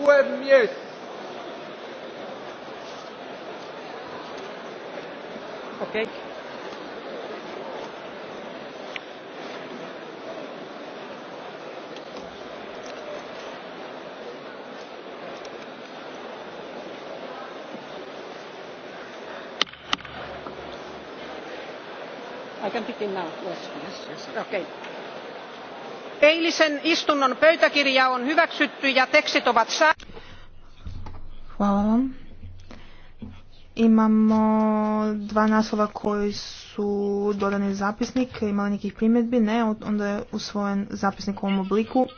buen puhemies. Ok. I can begin now. Yes, yes, yes. Okay. Eilisen istunnon pöytäkirja on hyväksytty ja tekstit ovat sää... Hvala vam. Imamo dva naslova koji su dodani zapisnik. Ima li nekih primjedbi? Ne, onda je usvojen zapisnik u ovom obliku.